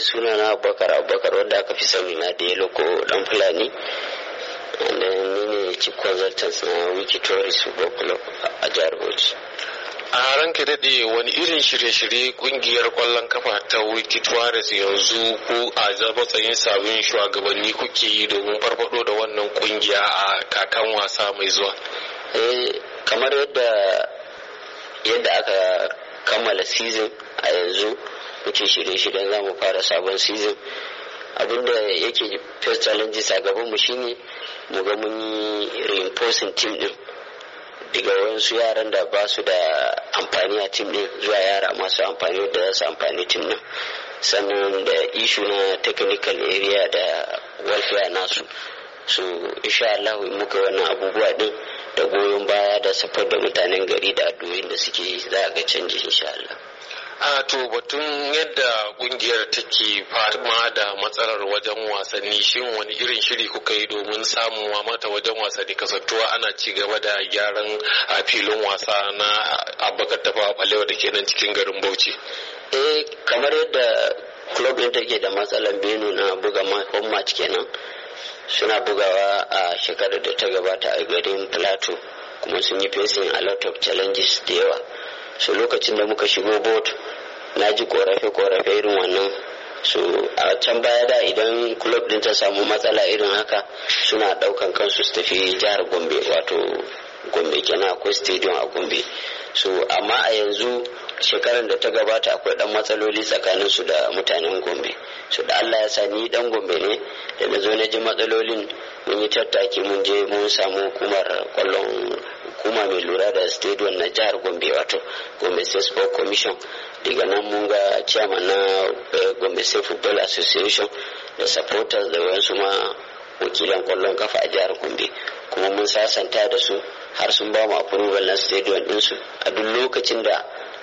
suna na abubakar abubakar wanda aka fi sani na da ya loko dan fulani wanda ni ne ci consultant na wiki tourist football club a jihar bauchi a ranka daɗe wani irin shirye-shirye kungiyar kwallon kafa ta wiki tourist yanzu ko a matsayin sabon shugabanni kuke yi domin farfado da wannan kungiya a kakan wasa mai zuwa eh, kamar yadda yadda aka kammala season a yanzu ke shirye-shiryen za mu fara sabon season abinda yake first challenges a gaban mu shine mu ga mun yi reinforcing team din daga wasu yaran da ba su da amfani a team din zuwa yara masu amfani da za su amfani team din sannan da ishu na technical area da welfare nasu su insha Allah muka wannan abubuwa din da goyon baya da safar da mutanen gari da addu'o'in da suke za ga canji insha Allah a to batun yadda kungiyar take fama da matsalar wajen wasanni shin wani irin shiri kuka yi domin samun mata wajen wasanni kasantuwa ana ci gaba da gyaran a filin wasa na abakar tafa balewa da ke nan cikin garin bauchi eh kamar yadda club ɗin take da matsalar benu na buga home match kenan suna bugawa a shekarar da ta gabata a garin plateau kuma sun yi facing a lot of challenges da yawa so lokacin da muka shigo board na ji korafe-korafe irin wannan su a can baya da idan kulob din ta samu matsala irin haka suna daukan kansu su tafi jihar gombe wato gombe kenan akwai stadium a gombe su amma a yanzu shekarar da ta gabata akwai dan matsaloli tsakanin su da mutanen gombe su da allah ya sa ni dan gombe ne da na zo na ji matsalolin mun yi tattaki mun je mun samu hukumar kwallon hukuma mai lura da stadium na jihar gombe wato gombe state sport commission daga nan mun ga chairman na eh, gombe state football association da supporters da wayansu ma wakilan kwallon kafa a jihar gombe kuma mun sasanta da su har sun ba mu approval na stadium dinsu a duk lokacin da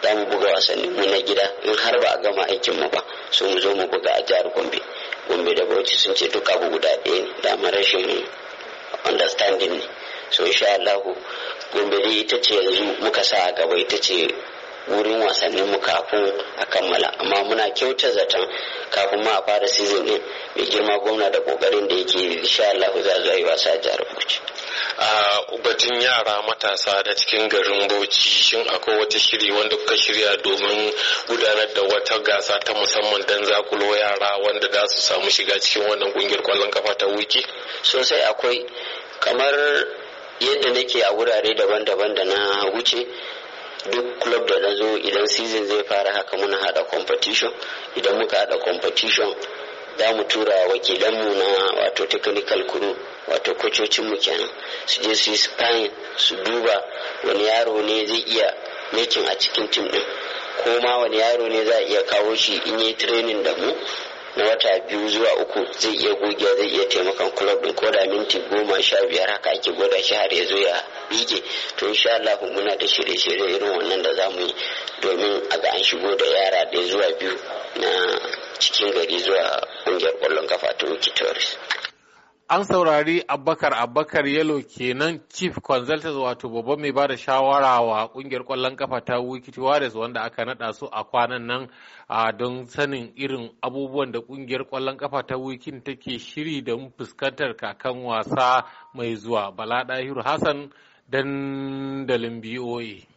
za mu buga wasanni mu na gida in har ba a gama aikin mu ba so mu zo mu buga a jihar gombe gombe da bauchi sun ce duk abu guda ɗaya ne rashin understanding ne so insha Allah gombele ita ce yanzu muka sa a gaba ita ce wurin wasannin mu kafin a kammala amma muna kyauta zaton kafin ma a fara season din mai girma gwamna da kokarin da yake insha Allah za zuwa yi wasa a jihar Bauchi a batun yara matasa da cikin garin Bauchi shin akwai wata shiri wanda kuka shirya domin gudanar da wata gasa ta musamman dan zakulo yara wanda za su samu shiga cikin wannan kungiyar kwallon kafa ta wiki sosai akwai kamar yadda nake a wurare daban-daban da na wuce duk club da na zo idan season zai fara haka muna hada competition idan muka hada competition za mu tura wakilanmu na wato technical crew wato mu kenan su je su yi spine su duba wani yaro ne zai iya making a cikin tim din ko ma wani yaro ne za a iya kawo shi in yi training da mu na wata biyu zuwa uku zai iya goge zai iya taimakon kulob din ko da minti goma sha biyar haka ake gwada shi har ya zo ya bige to insha Allah muna da shirye-shirye irin wannan da za mu yi domin a ga an shigo da yara da zuwa biyu na cikin gari zuwa kungiyar kwallon kafa ta Wiki Tourist. An saurari Abubakar Abubakar Yalo kenan Chief Consultant wato babban mai ba da shawara wa kungiyar kwallon kafa ta Wikiti Warriors wanda aka nada su a kwanan nan don sanin irin abubuwan da kungiyar kwallon kafa ta Wikin take shiri da fuskantar kakan wasa mai zuwa. Bala Dahiru Hassan dandalin BOA.